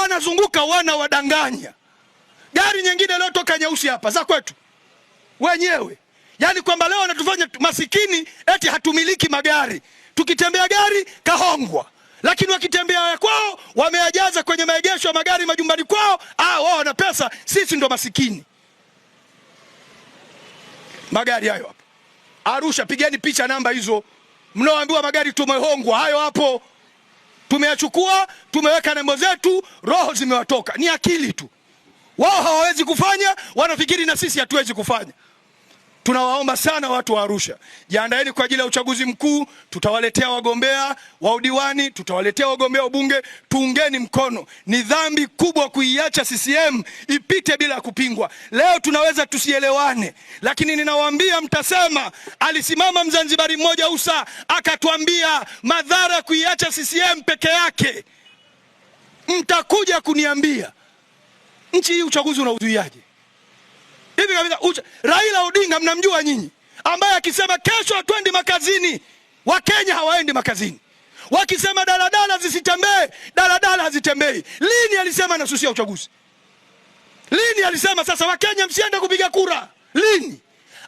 wanazunguka wanawadanganya. Gari nyingine leo toka nyeusi hapa za kwetu wenyewe, yaani kwamba leo wanatufanya masikini eti hatumiliki magari, tukitembea gari kahongwa lakini wakitembea ya kwao wameajaza kwenye maegesho ya magari majumbani kwao. Ah, wao wana pesa, sisi ndo masikini. Magari hayo hapo Arusha, pigeni picha namba hizo, mnaoambiwa magari tumehongwa. Hayo hapo tumeyachukua, tumeweka nembo zetu, roho zimewatoka, ni akili tu. Wao hawawezi kufanya, wanafikiri na sisi hatuwezi kufanya. Tunawaomba sana watu wa Arusha, jiandaeni kwa ajili ya uchaguzi mkuu. Tutawaletea wagombea wa udiwani, tutawaletea wagombea ubunge. Tuungeni mkono. Ni dhambi kubwa kuiacha CCM ipite bila kupingwa. Leo tunaweza tusielewane, lakini ninawaambia mtasema, alisimama Mzanzibari mmoja Usa akatuambia madhara kuiacha CCM peke yake mtakuja kuniambia nchi hii uchaguzi unauzuiaje? Hivi kabisa ucha... Raila Odinga mnamjua nyinyi, ambaye akisema kesho hatuendi makazini, Wakenya hawaendi makazini. Wakisema daladala zisitembee, daladala hazitembei. Lini alisema anasusia uchaguzi? Lini alisema sasa Wakenya msiende kupiga kura? Lini?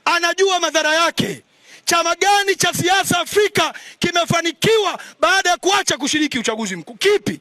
Anajua madhara yake. Chama gani cha siasa Afrika kimefanikiwa baada ya kuacha kushiriki uchaguzi mkuu? Kipi?